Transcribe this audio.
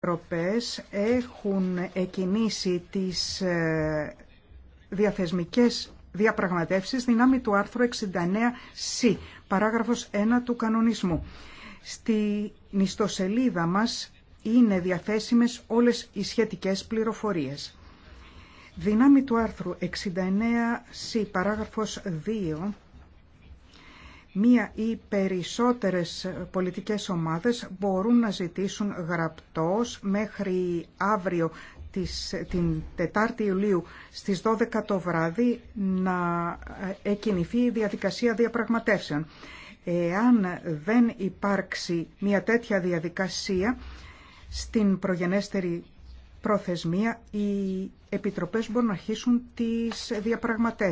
επιτροπές έχουν εκινήσει τις ε, διαθεσμικές διαπραγματεύσεις δυνάμει του άρθρου 69C, παράγραφος 1 του κανονισμού. Στη ιστοσελίδα μας είναι διαθέσιμες όλες οι σχετικές πληροφορίες. Δυνάμει του άρθρου 69C, παράγραφος 2 μία ή περισσότερες πολιτικές ομάδες μπορούν να ζητήσουν γραπτός μέχρι αύριο της, την 4η Ιουλίου στις 12 το βράδυ να εκκινηθεί η διαδικασία διαπραγματεύσεων. Εάν δεν υπάρξει μια τέτοια διαδικασία, στην προγενέστερη προθεσμία οι επιτροπές μπορούν να αρχίσουν τις διαπραγματεύσεις.